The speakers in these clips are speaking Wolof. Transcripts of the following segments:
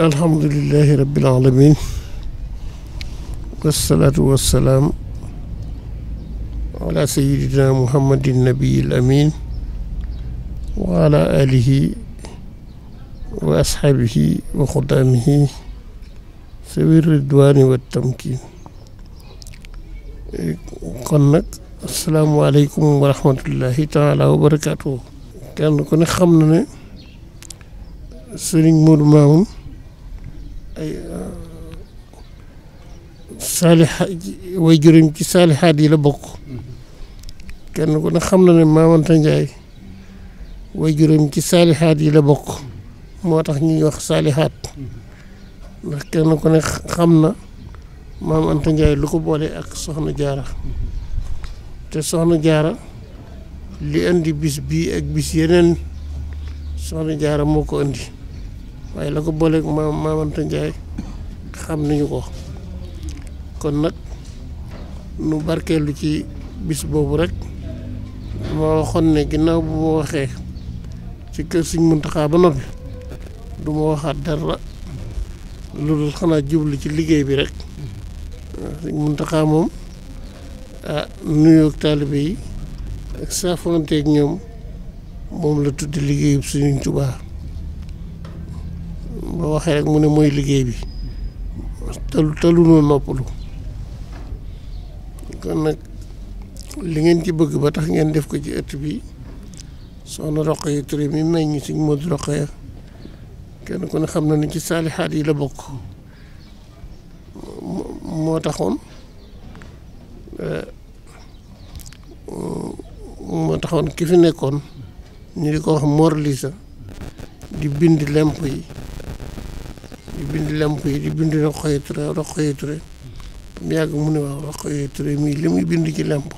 alhamdulilahi rabbil alamin wasalaatu wasalaam ala sayidina muhammadin nabiyil amin wa ala alihi wa ashaabihi wa xudaamihi sawi ridwaani wa tamkin kon nag asalaamualeykum wa rahmatullahi taala wa barakaatuhu kenn ku ne xam na ne sëriñ Modou Mamoun ay euh, saaliha way juróom ci saalihaat yi la bokk kenn ku ne xam na ne Maamanta Njaay way juróom ci saalihaat yi la bokk moo tax ñuy wax saalihaat ndax kenn ku ne xam na maam Anta lu ko boole ak soxna jaara te soxna jaara li indi bis bii ak bis yeneen soxna jaara moo ko indi waaye la ko booleeg maam Maam Anta Ndiaye xam nañu ko kon nag nu barkeelu ci bis boobu rek ma waxoon ne ginnaaw bu ma waxee ci kër Sëñ Muntaxa ba noppi du ma waxaat la loolu xanaa jublu ci liggéey bi rek Sëñ Muntaxa moom ah nuyoog taalibe yi ak saafonteeg ñoom moom la tuddi liggéeyub Sëñ Tuubaa boo waxee rek mu ne mooy liggéey bi te te noppalu kon nag li ngeen ci bëgg ba tax ngeen def ko ci ëtt bi soxna roq yi Touré mi meññ suñ Modou Rokhaya kenn kon ne xam na ni ci saalixaat yi la bokk moo taxoon eh, moo taxoon ki fi nekkoon ñu di ko wax Mor Lisa di bind lemp yi di bind lamp yi di bind Rokhaya Touré mu yàgg mu ne waaw Rokhaya Touré mii li muy bind ci lamp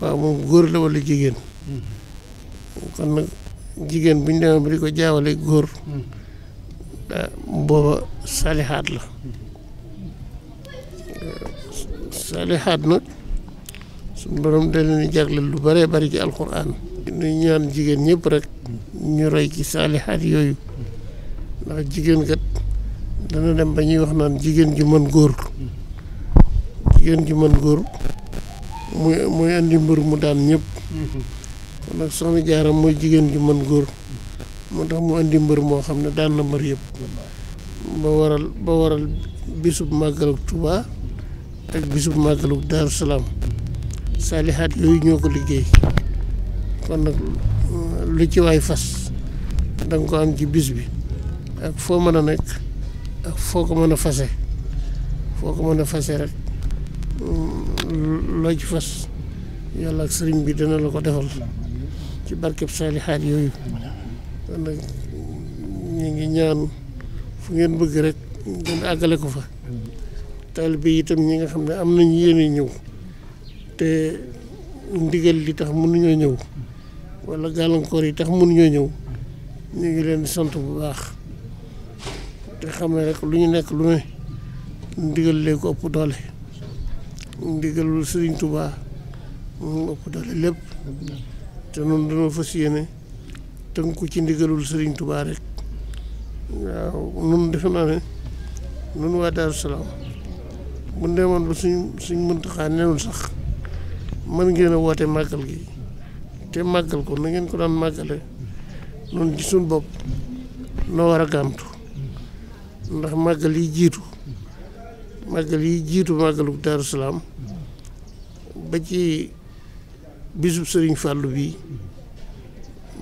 waaw moom góor la wala jigéen mm-hmm. kon nag jigéen bu ñu demee ba di ko jaawale góor mm-hmm. ah, booba salihaat la mm-hmm. salihaat nag suñu borom da leen jagleel lu bare bari ci alquran. ñu ñaan jigéen ñëpp rek ñu roy ci salihaat yooyu. ndax jigéen kat dana dem ba ñuy wax naan jigéen ju mën góor jigéen ju mën góor muy muy andi mbër mu daan ñëpp kon nag soxna jaaram mooy jigéen ju mën góor moo tax mu andi mbër moo xam ne daan na mbër yëpp ba waral ba waral bisub màggalug Tuubaa ak bisub màggalug Daaru saalihaat yooyu ñoo ko liggéey kon nag lu ci waay fas da ko am ci bis bi ak foo mën a nekk ak foo ko mën a fase foo ko mën a fase rek loo ci fas yàlla ak sëriñ bi dana la ko defal ci barkeb saalihaat yooyu kon nag ñu ngi ñaan fu ngeen bëgg rek ngeen àggale ko fa taalibe yi itam ñi nga xam ne am nañu yéene ñëw te ndigal li tax mënuñoo ñëw wala gàllankoor yi tax mënuñoo ñëw ñu ngi leen sant bu baax te xam ne rek lu ñu nekk lu ne ndigal lee ko ëpp doole ndigalul Sëriñ Tuubaa moom ëpp doole lépp te noonu dañoo fas yéene ko ci ndigalul Sëriñ Tuubaa rek waaw nun defe naa ne nun waa Daaru Salaam bu suñ suñ Muntaxaa nenul sax mën ngeen a woote màggal gi te màggal ko na ngeen ko daan màggale noonu ci suñ bopp noo war a gàmtu ndax màggal yi jiitu màggal yi jiitu màggalu Daaru Salaam ba ci bisub Sëriñ Fàllu bi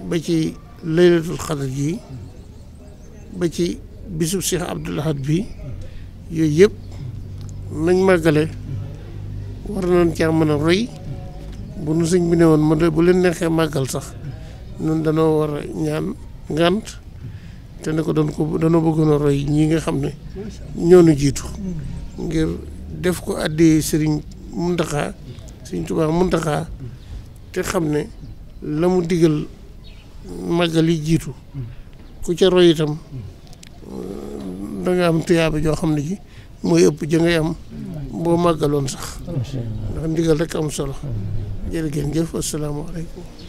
ba ci laylatul xadar ji ba ci bisub Cheikh Abdoul bi yooyu yépp nañ màggale war nañ caa mën a roy bu nu sëñ bi ne woon ma de bu leen neexee màggal sax ñun danoo war a ñaan ngant te ne ko doon ko dañoo roy ñii nga xam ne ñoo nu jiitu ngir def ko àddee sëriñ Muntaxa sëriñ Tuubaa Muntaxa te xam ne la mu digal màggali jiitu ku ca roy itam euh, da nga am tuyaaba joo xam ne ji mooy ëpp ja am boo màggaloon sax ndax ndigal rek am solo jërë ngeen jëf asalaamaaleykum